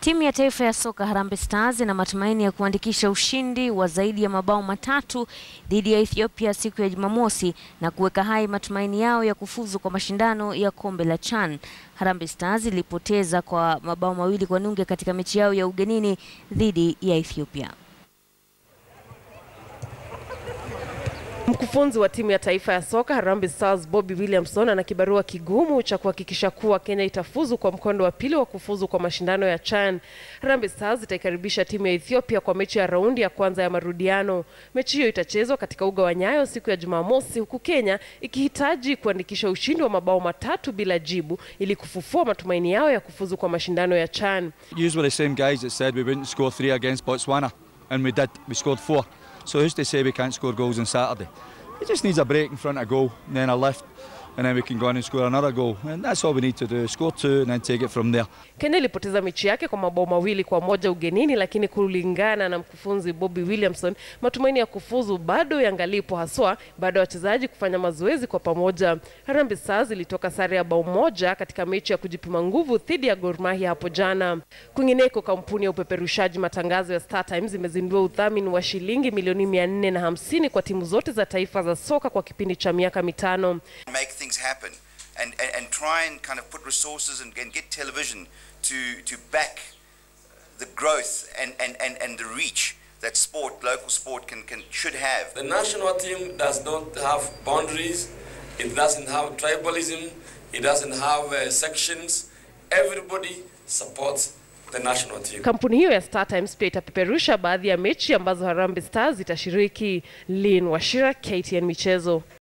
Timu ya taifa ya soka Harambee Stars ina matumaini ya kuandikisha ushindi wa zaidi ya mabao matatu dhidi ya Ethiopia siku ya Jumamosi na kuweka hai matumaini yao ya kufuzu kwa mashindano ya kombe la CHAN. Harambee Stars ilipoteza kwa mabao mawili kwa nunge katika mechi yao ya ugenini dhidi ya Ethiopia. Mkufunzi wa timu ya taifa ya soka Harambee Stars Bobby Williamson ana kibarua kigumu cha kuhakikisha kuwa Kenya itafuzu kwa mkondo wa pili wa kufuzu kwa mashindano ya CHAN. Harambee Stars itaikaribisha timu ya Ethiopia kwa mechi ya raundi ya kwanza ya marudiano. Mechi hiyo itachezwa katika uga wa Nyayo siku ya Jumamosi, huku Kenya ikihitaji kuandikisha ushindi wa mabao matatu bila jibu ili kufufua matumaini yao ya kufuzu kwa mashindano ya CHAN. Usually same guys that said we wouldn't score three against Botswana and we did. We scored four. So who's to say we can't score goals on Saturday? He just needs a break in front of goal and then a lift. and then we can go on and score another goal. And that's all we need to do, score two and then take it from there. Kenya ilipoteza mechi yake kwa mabao mawili kwa moja ugenini, lakini kulingana na mkufunzi Bobby Williamson, matumaini ya kufuzu bado yangalipo, haswa baada ya wachezaji kufanya mazoezi kwa pamoja. Harambee Stars ilitoka sare ya bao moja katika mechi ya kujipima nguvu dhidi ya Gor hapo jana. Kwingineko, kampuni ya upeperushaji matangazo ya Star Times imezindua udhamini wa shilingi milioni 450 kwa timu zote za taifa za soka kwa kipindi cha miaka mitano. Make things happen and, and, and try and kind of put resources and, and get television to, to back the growth and, and, and, and the reach that sport, local sport, can, can should have. The national team does not have boundaries. It doesn't have tribalism. It doesn't have uh, sections. Everybody supports the national team. Kampuni hiyo ya StarTimes pia itapeperusha baadhi ya mechi ambazo Harambee Stars itashiriki. Lin Washira, KTN Michezo.